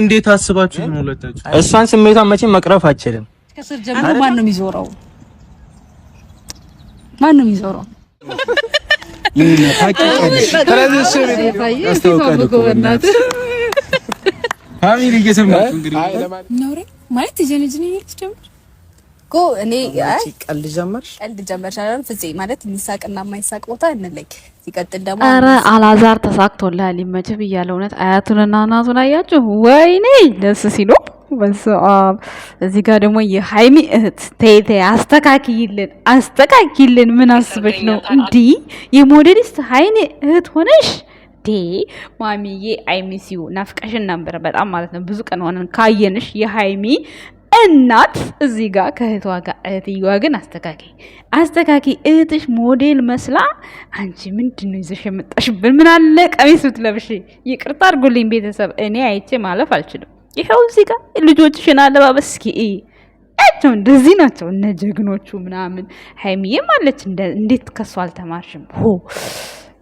እንዴት አስባችሁ ነው ሁለታችሁ? እሷን ስሜቷን መቼም መቅረፍ አችልም። ከስር ጀምሮ ማን ነው የሚዞረው? ማን ነው የሚዞረው? ፋሚሊ እየሰማችሁ እንግዲህ ማለት እኮ እኔ ቀልድ ጀመር ቀልድ ጀመር አይደል? ፍፄ ማለት የሚሳቅና የማይሳቅ ቦታ እንለይ። ሲቀጥል ደግሞ ኧረ አላዛር ተሳክቶልሃል ይመችህ ብያለሁ። እውነት አያቱንና እናቱን አያችሁ? ወይኔ ደስ ሲሉ በስአብ እዚህ ጋር ደግሞ የሀይሚ እህት ተይተ አስተካክይልን አስተካክይልን። ምን አስበሽ ነው እንዲህ የሞዴሊስት ሀይኔ እህት ሆነሽ ዴ ማሚዬ አይሚሲዩ ናፍቀሽን ነበር በጣም ማለት ነው። ብዙ ቀን ሆነን ካየንሽ የሀይሚ እናት እዚህ ጋር ከእህቷ ጋር እህትየዋ ግን አስተካካይ አስተካኪ እህትሽ ሞዴል መስላ አንቺ ምንድን ነው ይዘሽ የመጣሽብን? ምን አለ ቀሚስ ብትለብሽ። ይቅርታ አድርጉልኝ ቤተሰብ፣ እኔ አይቼ ማለፍ አልችልም። ይኸው እዚህ ጋር ልጆችሽን አለባበስ እስኪ ያቸው እንደዚህ ናቸው እነ ጀግኖቹ ምናምን። ሀይሚዬም አለች እንዴት ከሷ አልተማርሽም? ሆ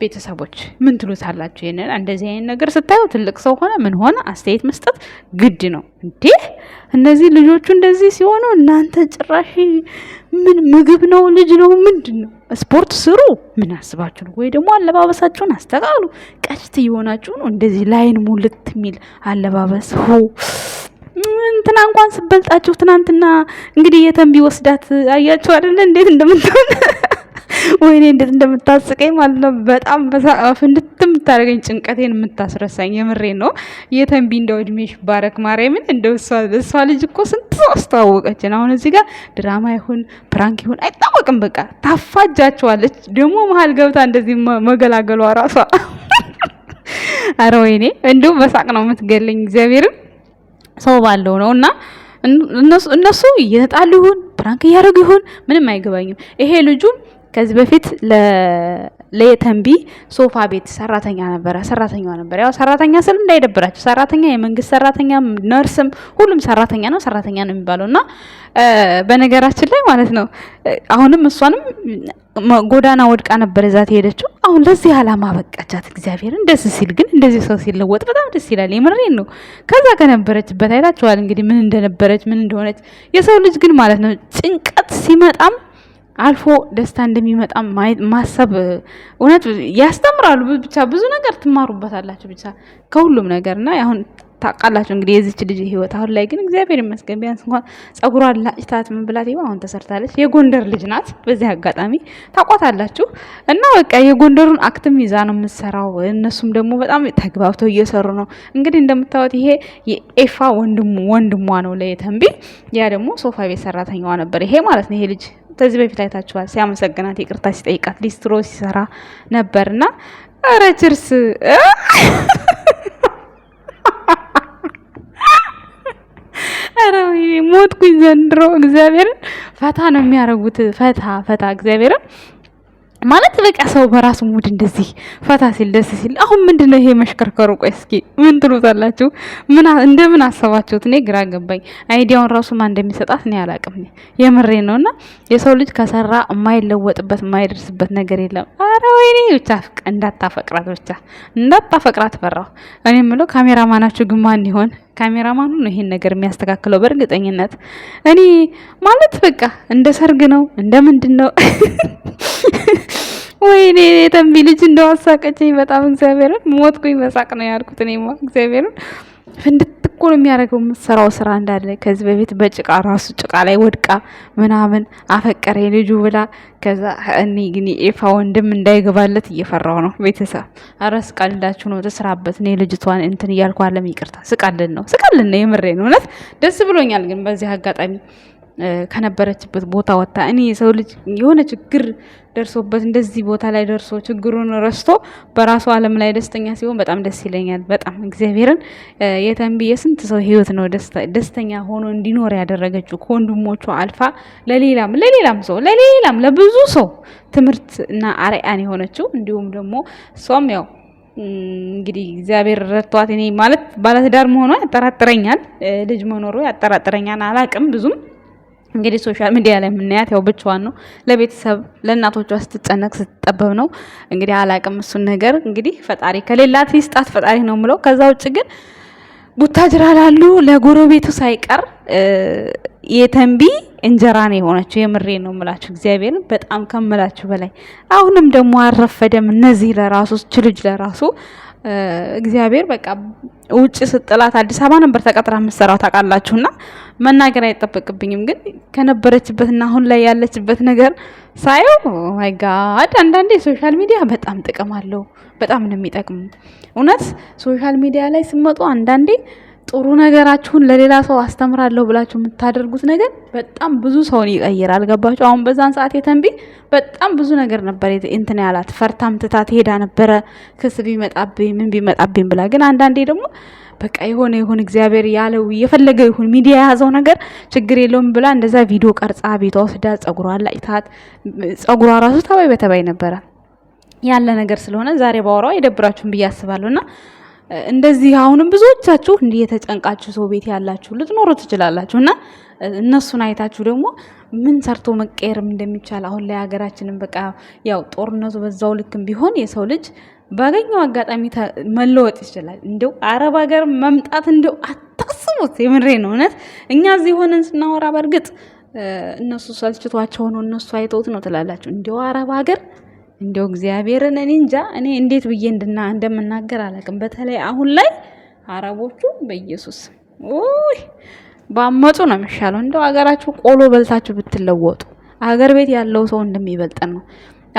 ቤተሰቦች ምን ትሉታላችሁ? ይሄንን እንደዚህ አይነት ነገር ስታዩ ትልቅ ሰው ሆነ ምን ሆነ አስተያየት መስጠት ግድ ነው እንዴ? እነዚህ ልጆቹ እንደዚህ ሲሆኑ እናንተ ጭራሽ ምን ምግብ ነው ልጅ ነው ምንድን ነው? ስፖርት ስሩ ምን አስባችሁ ነው? ወይ ደግሞ አለባበሳችሁን አስተቃሉ ቀጭት እየሆናችሁ ነው እንደዚህ ላይን ሙልት የሚል አለባበስ ሁ እንትና እንኳን ስበልጣችሁ ትናንትና እንግዲህ የተንቢ ወስዳት አያችሁ አይደለ እንዴት እንደምትሆን ወይኔ እንዴት እንደምታስቀኝ ማለት ነው። በጣም ፍንድት የምታደርገኝ ጭንቀቴን የምታስረሳኝ የምሬ ነው። የተንቢ እንደው እድሜሽ ባረክ ማርያምን። እንደው እሷ ልጅ እኮ ስንት ሰው አስተዋወቀችን። አሁን እዚህ ጋር ድራማ ይሁን ፕራንክ ይሁን አይታወቅም። በቃ ታፋጃቸዋለች። ደግሞ መሀል ገብታ እንደዚህ መገላገሏ ራሷ አረ ወይኔ እንዲሁም በሳቅ ነው የምትገለኝ። እግዚአብሔርም ሰው ባለው ነው እና እነሱ እየተጣሉ ይሁን ፕራንክ እያደረጉ ይሁን ምንም አይገባኝም። ይሄ ልጁም ከዚህ በፊት ለየተንቢ ሶፋ ቤት ሰራተኛ ነበረ ሰራተኛ ነበር። ያው ሰራተኛ ስል እንዳይደብራችሁ፣ ሰራተኛ የመንግስት ሰራተኛ ነርስም፣ ሁሉም ሰራተኛ ነው ሰራተኛ ነው የሚባለው እና በነገራችን ላይ ማለት ነው አሁንም እሷንም ጎዳና ወድቃ ነበር ዛት የሄደችው። አሁን ለዚህ ዓላማ በቃቻት። እግዚአብሔርን ደስ ሲል ግን እንደዚህ ሰው ሲለወጥ በጣም ደስ ይላል። የምሬን ነው። ከዛ ከነበረችበት አይታችኋል እንግዲህ ምን እንደነበረች ምን እንደሆነች። የሰው ልጅ ግን ማለት ነው ጭንቀት ሲመጣም አልፎ ደስታ እንደሚመጣ ማሰብ እውነት ያስተምራሉ። ብቻ ብዙ ነገር ትማሩበታላችሁ። ብቻ ከሁሉም ነገር እና አሁን ታውቃላችሁ እንግዲህ የዚች ልጅ ህይወት አሁን ላይ ግን እግዚአብሔር ይመስገን ቢያንስ እንኳን ጸጉሯ ላጭታት ምን ብላት አሁን ተሰርታለች። የጎንደር ልጅ ናት። በዚህ አጋጣሚ ታቋታላችሁ እና በቃ የጎንደሩን አክትም ይዛ ነው የምትሰራው። እነሱም ደግሞ በጣም ተግባብተው እየሰሩ ነው። እንግዲህ እንደምታዩት ይሄ የኤፋ ወንድሟ ነው ለየተንቢ ያ ደግሞ ሶፋ ቤት ሰራተኛዋ ነበር ይሄ ማለት ነው ይሄ ልጅ ከዚህ በፊት አይታችኋል። ሲያመሰግናት ይቅርታ ሲጠይቃት ሊስትሮ ሲሰራ ነበርና ኧረ ችርስ ኧረ ወይኔ ሞትኩኝ ዘንድሮ። እግዚአብሔርን ፈታ ነው የሚያደርጉት። ፈታ ፈታ እግዚአብሔርን ማለት በቃ ሰው በራሱ ሙድ እንደዚህ ፈታ ሲል ደስ ሲል። አሁን ምንድን ነው ይሄ መሽከርከሩ? ቆይ እስኪ ምን ትሉታላችሁ? እንደምን አሰባችሁት? እኔ ግራ ገባኝ። አይዲያውን ራሱ ማን እንደሚሰጣት እኔ አላቅም። የምሬ ነው። እና የሰው ልጅ ከሰራ የማይለወጥበት የማይደርስበት ነገር የለም። አረ ወይኔ ብቻ እንዳታፈቅራት፣ ብቻ እንዳታፈቅራት ፈራሁ። እኔ የምለው ካሜራማናችሁ ግን ማን ይሆን? ካሜራማኑ ነው ይሄን ነገር የሚያስተካክለው በእርግጠኝነት። እኔ ማለት በቃ እንደ ሰርግ ነው እንደ ምንድን ነው ወይኔ የተንቢ ልጅ እንደው አሳቀችኝ በጣም እግዚአብሔርን ሞትኩኝ። መሳቅ ነው ያልኩት እኔማ እግዚአብሔርን ፍንድትኮ ነው የሚያደርገው የምትሰራው ስራ እንዳለ ከዚህ በፊት በጭቃ ራሱ ጭቃ ላይ ወድቃ ምናምን አፈቀረ ልጁ ብላ ከዛ እኔ ግን ኤፋ ወንድም እንዳይገባለት እየፈራው ነው። ቤተሰብ ኧረ ስቃልላችሁ ነው ተስራበት። እኔ ልጅቷን እንትን እያልኩ አለም ይቅርታ ስቃልን ነው ስቃልን ነው የምሬን እውነት ደስ ብሎኛል። ግን በዚህ አጋጣሚ ከነበረችበት ቦታ ወጥታ እኔ የሰው ልጅ የሆነ ችግር ደርሶበት እንደዚህ ቦታ ላይ ደርሶ ችግሩን ረስቶ በራሱ ዓለም ላይ ደስተኛ ሲሆን በጣም ደስ ይለኛል። በጣም እግዚአብሔርን የተንቢ የስንት ሰው ህይወት ነው ደስተኛ ሆኖ እንዲኖር ያደረገችው ከወንድሞቹ አልፋ ለሌላም ለሌላም ሰው ለሌላም ለብዙ ሰው ትምህርት እና አርአያን የሆነችው እንዲሁም ደግሞ እሷም ያው እንግዲህ እግዚአብሔር ረድቷት እኔ ማለት ባለትዳር መሆኗ ያጠራጥረኛል። ልጅ መኖሩ ያጠራጥረኛል። አላቅም ብዙም እንግዲህ ሶሻል ሚዲያ ላይ የምናያት ያው ብቻዋን ነው። ለቤተሰብ ለእናቶቿ ስትጨነቅ ስትጠበብ ነው። እንግዲህ አላቅም እሱን ነገር እንግዲህ ፈጣሪ ከሌላት ይስጣት ፈጣሪ ነው ምለው። ከዛ ውጭ ግን ቡታጅራ ላሉ ለጎረቤቱ ሳይቀር የተንቢ እንጀራ ነው የሆነችው። የምሬ ነው ምላችሁ፣ እግዚአብሔርን በጣም ከምላችሁ በላይ አሁንም ደግሞ አረፈደም። እነዚህ ለራሱ እች ልጅ ለራሱ እግዚአብሔር በቃ ውጭ ስጥላት አዲስ አበባ ነበር ተቀጥራ የምትሰራው ታውቃላችሁና መናገር አይጠበቅብኝም። ግን ከነበረችበትና አሁን ላይ ያለችበት ነገር ሳየው ማይ ጋድ አንዳንዴ ሶሻል ሚዲያ በጣም ጥቅም አለው። በጣም ነው የሚጠቅሙ እውነት ሶሻል ሚዲያ ላይ ስመጡ አንዳንዴ ጥሩ ነገራችሁን ለሌላ ሰው አስተምራለሁ ብላችሁ የምታደርጉት ነገር በጣም ብዙ ሰውን ይቀይራል። ገባችሁ? አሁን በዛን ሰዓት የተንቢ በጣም ብዙ ነገር ነበር እንትን ያላት ፈርታም ትታት ሄዳ ነበረ ክስ ቢመጣብኝ ምን ቢመጣብኝ ብላ። ግን አንዳንዴ ደግሞ በቃ የሆነ ይሁን እግዚአብሔር ያለው የፈለገ ይሁን ሚዲያ የያዘው ነገር ችግር የለውም ብላ እንደዛ ቪዲዮ ቀርጻ ቤቷ ወስዳ ጸጉሯ ላጭታት ጸጉሯ ራሱ ተባይ በተባይ ነበረ ያለ ነገር ስለሆነ ዛሬ ባወራው የደብራችሁን ብዬ አስባለሁ እና እንደዚህ አሁንም ብዙዎቻችሁ እንዲህ የተጨንቃችሁ ሰው ቤት ያላችሁ ልትኖሩ ትችላላችሁ እና እነሱን አይታችሁ ደግሞ ምን ሰርቶ መቀየርም እንደሚቻል አሁን ላይ ሀገራችንም በቃ ያው ጦርነቱ በዛው ልክም ቢሆን የሰው ልጅ ባገኘው አጋጣሚ መለወጥ ይችላል። እንደው አረብ ሀገር መምጣት እንደው አታስቡት። የምሬ ነው እውነት። እኛ እዚህ ሆነን ስናወራ በእርግጥ እነሱ ሰልችቷቸው ነው እነሱ አይተውት ነው ትላላችሁ። እንደው አረብ ሀገር እንደው እግዚአብሔርን እኔ እንጃ እኔ እንዴት ብዬ እንድና እንደምናገር አላውቅም። በተለይ አሁን ላይ አረቦቹ በኢየሱስ ኦይ ባመጡ ነው የሚሻለው። እንደው አገራችሁ ቆሎ በልታችሁ ብትለወጡ አገር ቤት ያለው ሰው እንደሚበልጠን ነው።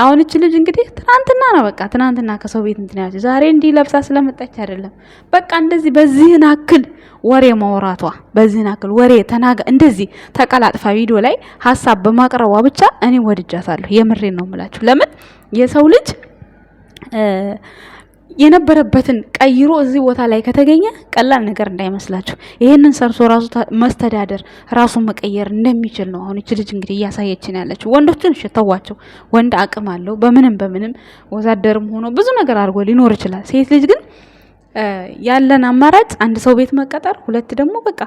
አሁን እች ልጅ እንግዲህ ትናንትና ነው በቃ ትናንትና ከሰው ቤት እንትን ያለች ዛሬ እንዲህ ለብሳ ስለመጣች አይደለም። በቃ እንደዚህ በዚህን አክል ወሬ ማውራቷ በዚህን አክል ወሬ ተናገ እንደዚህ ተቀላጥፋ ቪዲዮ ላይ ሀሳብ በማቅረቧ ብቻ እኔ ወድጃታለሁ። የምሬን ነው የምላችሁ ለምን የሰው ልጅ የነበረበትን ቀይሮ እዚህ ቦታ ላይ ከተገኘ ቀላል ነገር እንዳይመስላችሁ። ይህንን ሰርቶ ራሱ መስተዳደር ራሱ መቀየር እንደሚችል ነው። አሁን እች ልጅ እንግዲህ እያሳየችን ያለችው ወንዶችን ሸተዋቸው ወንድ አቅም አለው። በምንም በምንም ወዛደርም ሆኖ ብዙ ነገር አድርጎ ሊኖር ይችላል። ሴት ልጅ ግን ያለን አማራጭ አንድ ሰው ቤት መቀጠር፣ ሁለት ደግሞ በቃ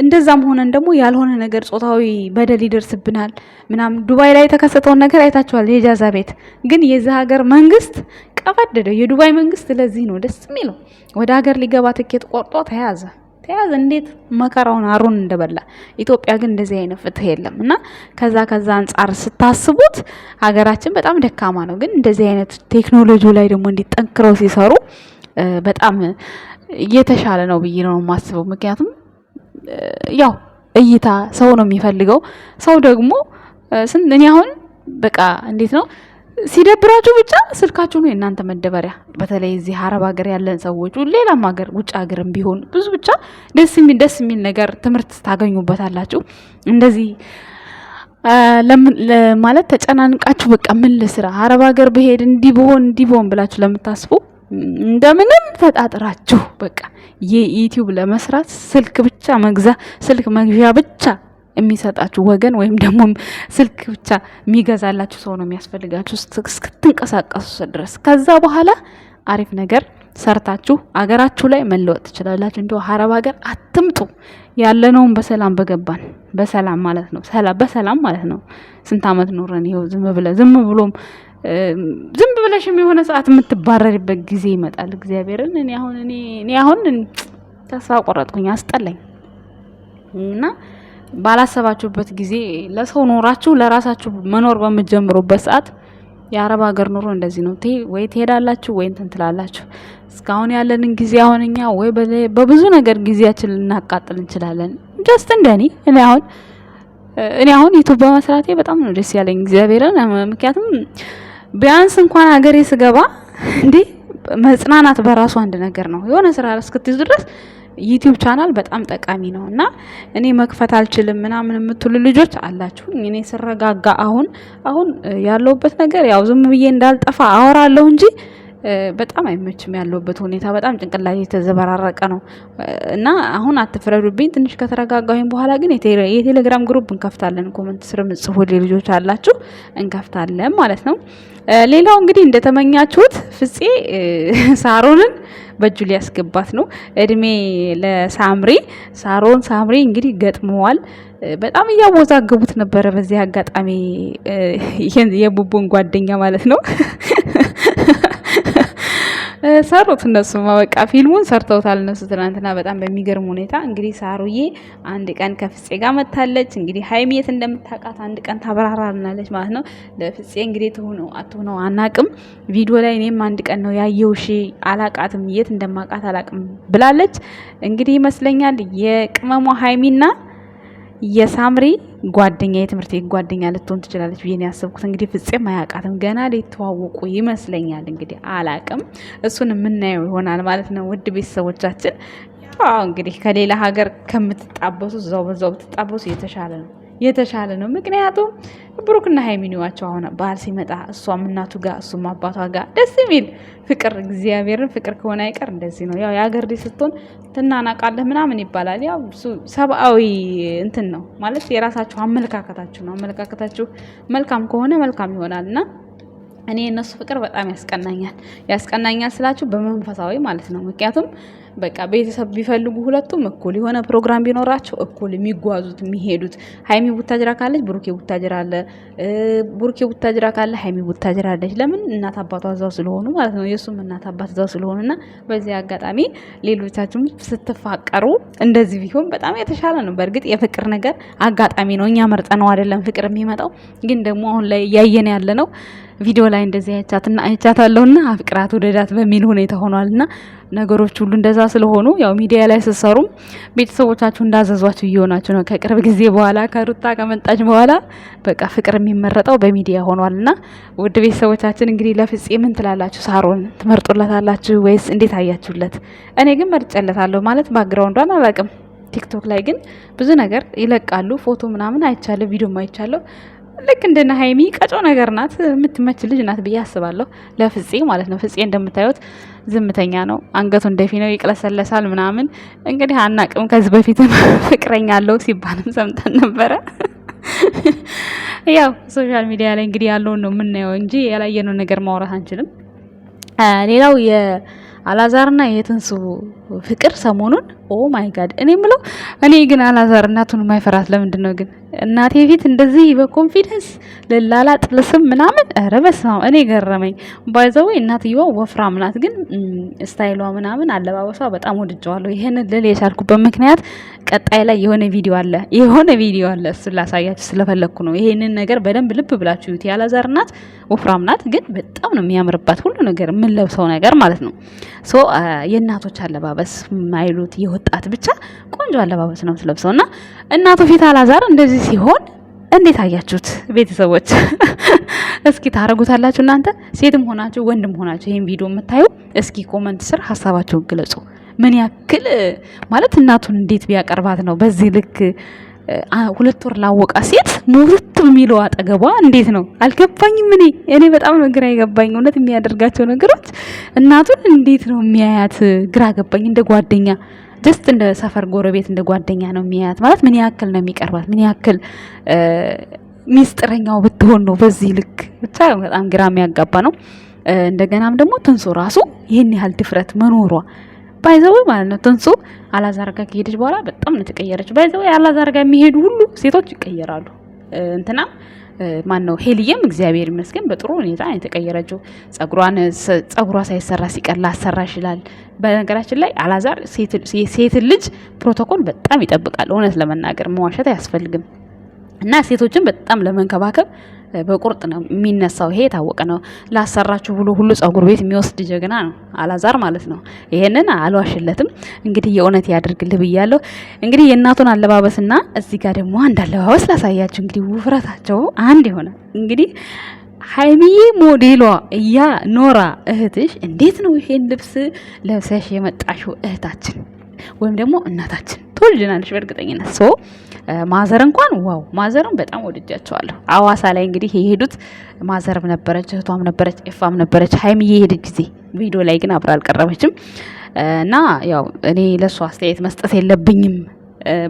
እንደዛም ሆነን ደግሞ ያልሆነ ነገር ጾታዊ በደል ይደርስብናል ምናምን። ዱባይ ላይ የተከሰተውን ነገር አይታችኋል። የጃዛ ቤት ግን የዚ ሀገር መንግስት ቀበደደው። የዱባይ መንግስት ለዚህ ነው ደስ የሚለው። ወደ ሀገር ሊገባ ትኬት ቆርጦ ተያዘ ተያዘ። እንዴት መከራውን አሩን እንደበላ። ኢትዮጵያ ግን እንደዚህ አይነት ፍትህ የለም እና ከዛ ከዛ አንጻር ስታስቡት ሀገራችን በጣም ደካማ ነው። ግን እንደዚህ አይነት ቴክኖሎጂ ላይ ደግሞ እንዲጠንክረው ሲሰሩ በጣም እየተሻለ ነው ብዬ ነው የማስበው ምክንያቱም ያው እይታ ሰው ነው የሚፈልገው። ሰው ደግሞ እኔ አሁን በቃ እንዴት ነው ሲደብራችሁ ብቻ ስልካችሁ ነው የእናንተ መደበሪያ። በተለይ እዚህ አረብ ሀገር ያለን ሰዎች፣ ሌላም ሀገር ውጭ ሀገርም ቢሆን ብዙ ብቻ ደስ የሚል ደስ የሚል ነገር ትምህርት ታገኙበታላችሁ። እንደዚህ ማለት ተጨናንቃችሁ በቃ ምን ልስራ፣ አረብ ሀገር ብሄድ እንዲህ ብሆን እንዲህ ብሆን ብላችሁ ለምታስቡ እንደምንም ተጣጥራችሁ በቃ የዩቲዩብ ለመስራት ስልክ ብቻ መግዛ ስልክ መግዣ ብቻ የሚሰጣችሁ ወገን ወይም ደግሞ ስልክ ብቻ የሚገዛላችሁ ሰው ነው የሚያስፈልጋችሁ እስክትንቀሳቀሱ ድረስ። ከዛ በኋላ አሪፍ ነገር ሰርታችሁ አገራችሁ ላይ መለወጥ ትችላላችሁ። እንዲ ሀረብ ሀገር አትምጡ። ያለነውን በሰላም በገባን በሰላም ማለት ነው፣ በሰላም ማለት ነው። ስንት አመት ኖረን ይኸው ዝም ብለ ዝም ብሎም ዝም ብለሽም የሆነ ሰዓት የምትባረሪበት ጊዜ ይመጣል። እግዚአብሔርን እኔ አሁን እኔ አሁን ተስፋ ቆረጥኩኝ፣ አስጠላኝ እና ባላሰባችሁበት ጊዜ ለሰው ኖራችሁ ለራሳችሁ መኖር በምትጀምሩበት ሰዓት የአረብ ሀገር ኑሮ እንደዚህ ነው። ወይ ትሄዳላችሁ ወይ እንትን ትላላችሁ። እስካሁን ያለንን ጊዜ አሁን እኛ ወይ በብዙ ነገር ጊዜያችን ልናቃጥል እንችላለን። ጀስት እንደኔ እኔ አሁን እኔ አሁን ዩቱብ በመስራቴ በጣም ነው ደስ ያለኝ እግዚአብሔርን ምክንያቱም ቢያንስ እንኳን ሀገሬ ስገባ እንዴ መጽናናት በራሱ አንድ ነገር ነው። የሆነ ስራ እስክትይዙ ድረስ ዩቲዩብ ቻናል በጣም ጠቃሚ ነው እና እኔ መክፈት አልችልም ምናምን የምትሉ ልጆች አላችሁ። እኔ ስረጋጋ አሁን አሁን ያለውበት ነገር ያው ዝም ብዬ እንዳልጠፋ አወራለሁ እንጂ በጣም አይመችም ያለውበት ሁኔታ በጣም ጭንቅላት የተዘበራረቀ ነው እና አሁን አትፍረዱብኝ። ትንሽ ከተረጋጋሁኝ በኋላ ግን የቴሌግራም ግሩፕ እንከፍታለን። ኮመንት ስር ምጽፎ ልጆች አላችሁ እንከፍታለን ማለት ነው። ሌላው እንግዲህ እንደተመኛችሁት ፍፄ ሳሮንን በእጁ ሊያስገባት ነው። እድሜ ለሳምሪ ሳሮን ሳምሪ እንግዲህ ገጥመዋል። በጣም እያወዛገቡት ነበረ። በዚህ አጋጣሚ የቡቡን ጓደኛ ማለት ነው ሰሩት። እነሱማ በቃ ፊልሙን ሰርተውታል እነሱ ትናንትና በጣም በሚገርም ሁኔታ። እንግዲህ ሳሩዬ አንድ ቀን ከፍፄ ጋር መታለች። እንግዲህ ሀይሜት እንደምታውቃት አንድ ቀን ታብራራልናለች ማለት ነው። ለፍፄ እንግዲህ ትሆነው አትሆነው አናቅም። ቪዲዮ ላይ እኔም አንድ ቀን ነው ሺ አላቃትም፣ የት እንደማቃት አላቅም ብላለች። እንግዲህ ይመስለኛል የቅመሟ ሀይሚና የሳምሪ ጓደኛ የትምህርት ቤት ጓደኛ ልትሆን ትችላለች ብዬ ያሰብኩት። እንግዲህ ፍፄም አያውቃትም ገና ሊተዋወቁ ይመስለኛል። እንግዲህ አላቅም፣ እሱን የምናየው ይሆናል ማለት ነው። ውድ ቤተሰቦቻችን እንግዲህ ከሌላ ሀገር ከምትጣበሱ እዛው በዛው ብትጣበሱ የተሻለ ነው። የተሻለ ነው። ምክንያቱም ብሩክና ሀይሚኒዋቸው አሁን ባህል ሲመጣ እሷም እናቱ ጋር እሱም አባቷ ጋር ደስ የሚል ፍቅር፣ እግዚአብሔርን ፍቅር ከሆነ አይቀር እንደዚህ ነው። ያው የአገር ልጅ ስትሆን ትናናቃለህ ምናምን ይባላል። ያው ሰብአዊ እንትን ነው ማለት የራሳችሁ አመለካከታችሁ ነው። አመለካከታችሁ መልካም ከሆነ መልካም ይሆናል እና እኔ የእነሱ ፍቅር በጣም ያስቀናኛል። ያስቀናኛል ስላችሁ በመንፈሳዊ ማለት ነው። ምክንያቱም በቃ ቤተሰብ ቢፈልጉ ሁለቱም እኩል የሆነ ፕሮግራም ቢኖራቸው እኩል የሚጓዙት የሚሄዱት፣ ሀይሚ ቡታጅራ ካለች ብሩኬ ቡታጅራ አለ፣ ብሩኬ ቡታጅራ ካለ ሀይሚ ቡታጅራ አለች። ለምን እናት አባቷ እዛው ስለሆኑ ማለት ነው። የእሱም እናት አባት እዛው ስለሆኑ እና በዚህ አጋጣሚ ሌሎቻችሁም ስትፋቀሩ እንደዚህ ቢሆን በጣም የተሻለ ነው። በእርግጥ የፍቅር ነገር አጋጣሚ ነው። እኛ መርጠ ነው አይደለም ፍቅር የሚመጣው። ግን ደግሞ አሁን ላይ እያየን ያለ ነው ቪዲዮ ላይ እንደዚህ አይቻትና አይቻታለሁና አፍቅራት ወደዳት በሚል ሁኔታ ሆኗልና ነገሮች ሁሉ እንደዛ ስለሆኑ ያው ሚዲያ ላይ ስትሰሩም ቤተሰቦቻችሁ እንዳዘዟችሁ እየሆናችሁ ነው። ከቅርብ ጊዜ በኋላ ከሩታ ከመጣች በኋላ በቃ ፍቅር የሚመረጠው በሚዲያ ሆኗልና ውድ ቤተሰቦቻችን እንግዲህ ለፍፄ ምን ትላላችሁ? ሳሮን ትመርጡለታላችሁ ወይስ እንዴት አያችሁለት? እኔ ግን መርጨለታለሁ ማለት ባግራውንዷን አላቅም። ቲክቶክ ላይ ግን ብዙ ነገር ይለቃሉ። ፎቶ ምናምን አይቻለሁ፣ ቪዲዮም አይቻለሁ። ልክ እንደነ ሀይሚ ቀጮ ነገር ናት፣ የምትመች ልጅ ናት ብዬ አስባለሁ። ለፍፄ ማለት ነው። ፍፄ እንደምታዩት ዝምተኛ ነው፣ አንገቱ እንደፊ ነው፣ ይቅለሰለሳል ምናምን። እንግዲህ አናቅም። ከዚህ በፊትም ፍቅረኛ አለው ሲባልም ሰምተን ነበረ። ያው ሶሻል ሚዲያ ላይ እንግዲህ ያለውን ነው የምናየው እንጂ ያላየነው ነገር ማውራት አንችልም። ሌላው የአላዛርና የትንሱ ፍቅር ሰሞኑን ኦ ማይ ጋድ እኔ ምለው እኔ ግን አላዛር እናቱን የማይፈራት ለምንድን ነው ግን እናቴ ፊት እንደዚህ በኮንፊደንስ ልላላጥ ጥልስም ምናምን ኧረ በስመ እኔ ገረመኝ ባይዘዌ እናትየዋ ወፍራም ናት ግን ስታይሏ ምናምን አለባበሷ በጣም ወድጀዋለሁ ይሄንን ልል የቻልኩበት ምክንያት ቀጣይ ላይ የሆነ ቪዲዮ አለ የሆነ ቪዲዮ አለ እሱ ላሳያችሁ ስለፈለግኩ ነው ይሄንን ነገር በደንብ ልብ ብላችሁ ዩት ያላዛር እናት ወፍራም ናት ግን በጣም ነው የሚያምርባት ሁሉ ነገር የምንለብሰው ነገር ማለት ነው ሶ የእናቶች አለባበስ ማይሉት ወጣት ብቻ ቆንጆ አለባበስ ነው የምትለብሰው እና እናቱ ፊት አላዛር እንደዚህ ሲሆን እንዴት አያችሁት ቤተሰቦች? እስኪ ታረጉታላችሁ እናንተ ሴትም ሆናችሁ ወንድም ሆናችሁ ይሄን ቪዲዮ የምታዩ እስኪ ኮመንት ስር ሀሳባችሁን ግለጹ። ምን ያክል ማለት እናቱን እንዴት ቢያቀርባት ነው በዚህ ልክ ሁለት ወር ላወቃ ሴት ሙርት የሚለው አጠገቧ እንዴት ነው አልገባኝም። እኔ እኔ በጣም ነው ግራ የገባኝ እውነት የሚያደርጋቸው ነገሮች እናቱን እንዴት ነው የሚያያት ግራ ገባኝ። እንደ ጓደኛ ጀስት እንደ ሰፈር ጎረቤት እንደ ጓደኛ ነው የሚያያት ማለት ምን ያክል ነው የሚቀርባት ምን ያክል ሚስጥረኛው ብትሆን ነው በዚህ ልክ ብቻ በጣም ግራ የሚያጋባ ነው። እንደገናም ደግሞ ትንሱ ራሱ ይህን ያህል ድፍረት መኖሯ ባይዘው ማለት ነው። ትንሱ አላዛርጋ ከሄደች በኋላ በጣም ነው የተቀየረች። ባይዘው አላዛር የሚሄዱ ሁሉ ሴቶች ይቀየራሉ እንትና ማን ነው ሄልየም እግዚአብሔር ይመስገን በጥሩ ሁኔታ የተቀየረችው። ጸጉሯን ጸጉሯ ሳይሰራ ሲቀር ላሰራ ይችላል። በነገራችን ላይ አላዛር የሴትን ልጅ ፕሮቶኮል በጣም ይጠብቃል። እውነት ለመናገር መዋሸት አያስፈልግም እና ሴቶችን በጣም ለመንከባከብ በቁርጥ ነው የሚነሳው። ይሄ የታወቀ ነው። ላሰራችሁ ብሎ ሁሉ ጸጉር ቤት የሚወስድ ጀግና ነው አላዛር ማለት ነው። ይሄንን አልዋሽለትም። እንግዲህ የእውነት ያድርግልህ ብያለሁ። እንግዲህ የእናቱን አለባበስና እዚህ ጋር ደግሞ አንድ አለባበስ ላሳያችሁ። እንግዲህ ውፍረታቸው አንድ የሆነ እንግዲህ ሀይሚዬ ሞዴሏ እያ ኖራ እህትሽ እንዴት ነው ይሄን ልብስ ለብሰሽ የመጣሽው? እህታችን ወይም ደግሞ እናታችን ትወልጅናለች በእርግጠኝነት። ሶ ማዘር እንኳን ዋው ማዘርም በጣም ወድጃቸዋለሁ። አዋሳ ላይ እንግዲህ የሄዱት ማዘርም ነበረች፣ እህቷም ነበረች፣ ኤፋም ነበረች። ሀይም እየሄድ ጊዜ ቪዲዮ ላይ ግን አብራ አልቀረበችም እና ያው እኔ ለእሱ አስተያየት መስጠት የለብኝም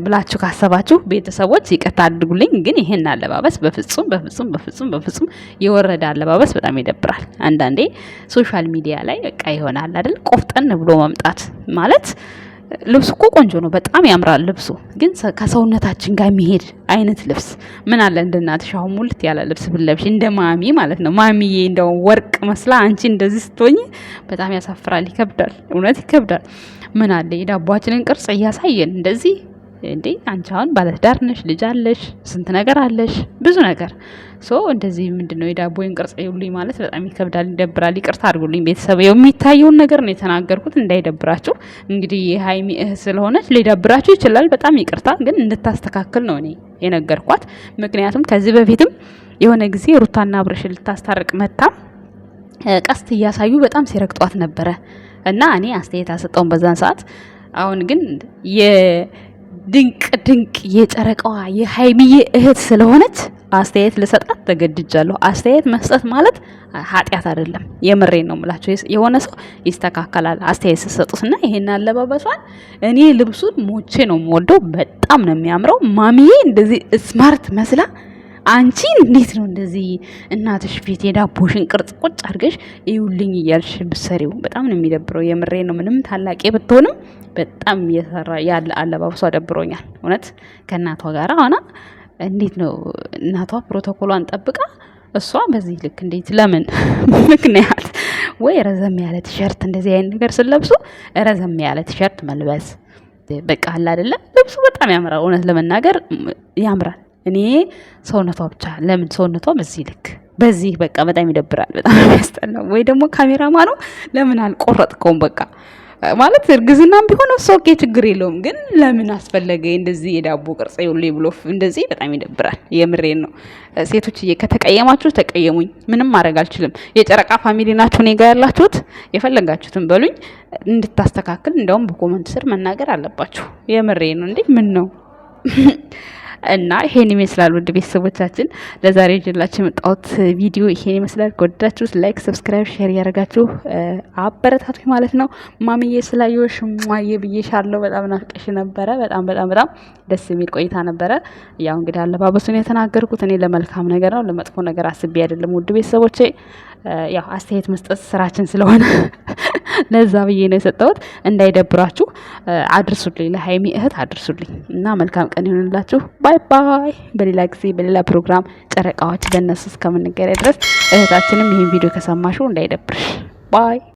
ብላችሁ ካሰባችሁ ቤተሰቦች ይቅርታ አድርጉልኝ። ግን ይህን አለባበስ በፍጹም በፍጹም በፍጹም በፍጹም የወረደ አለባበስ በጣም ይደብራል። አንዳንዴ ሶሻል ሚዲያ ላይ በቃ ይሆናል አይደል ቆፍጠን ብሎ መምጣት ማለት ልብስ እኮ ቆንጆ ነው፣ በጣም ያምራል ልብሱ። ግን ከሰውነታችን ጋር የሚሄድ አይነት ልብስ ምን አለ እንደ እናትሽ አሁን ሙልት ያለ ልብስ ብለብሽ እንደ ማሚ ማለት ነው። ማሚዬ እንደው ወርቅ መስላ አንቺ እንደዚህ ስትሆኝ በጣም ያሳፍራል፣ ይከብዳል፣ እውነት ይከብዳል። ምን አለ የዳቧችንን ቅርጽ እያሳየን እንደዚህ እንዴ አንቺ አሁን ባለትዳር ነሽ፣ ልጅ አለሽ፣ ስንት ነገር አለሽ፣ ብዙ ነገር ሶ እንደዚህ ምንድን ነው ቅርጽ ይውልኝ ማለት በጣም ይከብዳል፣ ይደብራል። ይቅርታ አድርጉልኝ ቤተሰብ፣ የሚታየውን ነገር ነው የተናገርኩት እንዳይደብራችሁ። እንግዲህ የሀይሚ እህ ስለሆነች ሊደብራችሁ ይችላል። በጣም ይቅርታ ግን እንድታስተካክል ነው እኔ የነገርኳት። ምክንያቱም ከዚህ በፊትም የሆነ ጊዜ ሩታና ብረሽ ልታስታርቅ መታ ቀስት እያሳዩ በጣም ሲረግጧት ነበረ እና እኔ አስተያየት አሰጠውን በዛን ሰዓት። አሁን ግን ድንቅ ድንቅ የጨረቃዋ የሀይሚዬ እህት ስለሆነች አስተያየት ልሰጣት ተገድጃለሁ። አስተያየት መስጠት ማለት ኃጢአት አይደለም። የምሬ ነው የምላቸው። የሆነ ሰው ይስተካከላል አስተያየት ስሰጡትና ይሄን አለባበሷን እኔ ልብሱን ሞቼ ነው የምወደው። በጣም ነው የሚያምረው። ማሚዬ እንደዚህ ስማርት መስላ አንቺ እንዴት ነው እንደዚህ እናትሽ ፊት የዳቦሽን ቅርጽ ቁጭ አድርገሽ ይውልኝ እያልሽ ብሰሪው በጣም ነው የሚደብረው። የምሬ ነው። ምንም ታላቄ ብትሆንም በጣም እየሰራ ያለ አለባብሷ ደብሮኛል። እውነት ከእናቷ ጋር ሆና እንዴት ነው እናቷ ፕሮቶኮሏን ጠብቃ እሷ በዚህ ልክ እንዴት ለምን ምክንያት ወይ ረዘም ያለ ቲሸርት እንደዚህ አይነት ነገር ስለብሱ ረዘም ያለ ቲሸርት መልበስ በቃ አለ አይደለ ልብሱ በጣም ያምራል። እውነት ለመናገር ያምራል። እኔ ሰውነቷ ብቻ ለምን ሰውነቷ በዚህ ልክ በዚህ በቃ በጣም ይደብራል። በጣም ያስጠላው። ወይ ደግሞ ካሜራማኑ ለምን አልቆረጥከውም? በቃ ማለት እርግዝናም ቢሆን ኦኬ ችግር የለውም፣ ግን ለምን አስፈለገ እንደዚህ የዳቦ ቅርጽ ሁሉ ብሎ እንደዚህ? በጣም ይደብራል። የምሬን ነው። ሴቶችዬ ከተቀየማችሁ ተቀየሙኝ፣ ምንም ማድረግ አልችልም። የጨረቃ ፋሚሊ ናችሁ እኔ ጋ ያላችሁት፣ የፈለጋችሁትን በሉኝ። እንድታስተካክል እንደውም በኮመንት ስር መናገር አለባችሁ። የምሬን ነው። እንዴ ምን ነው እና ይሄን ይመስላል። ውድ ቤተሰቦቻችን ለዛሬ ይዤላችሁ የመጣሁት ቪዲዮ ይሄን ይመስላል። ከወደዳችሁት ላይክ፣ ሰብስክራይብ፣ ሼር ያደርጋችሁ አበረታቱ ማለት ነው። ማምዬ ስላየሁሽ ሟዬ ብዬሻለሁ። በጣም ናፍቀሽ ነበረ። በጣም በጣም በጣም ደስ የሚል ቆይታ ነበረ። ያው እንግዲህ አለባበሱን የተናገርኩት እኔ ለመልካም ነገር ነው ለመጥፎ ነገር አስቤ አይደለም። ውድ ቤተሰቦቼ ያው አስተያየት መስጠት ስራችን ስለሆነ ለዛ ብዬ ነው የሰጠሁት። እንዳይደብራችሁ አድርሱልኝ፣ ለሀይሚ እህት አድርሱልኝ እና መልካም ቀን ይሆንላችሁ። ባይ ባይ። በሌላ ጊዜ በሌላ ፕሮግራም ጨረቃዎች፣ በእነሱ እስከምንገናኝ ድረስ እህታችንም ይህን ቪዲዮ ከሰማሹ እንዳይደብርሽ ባይ።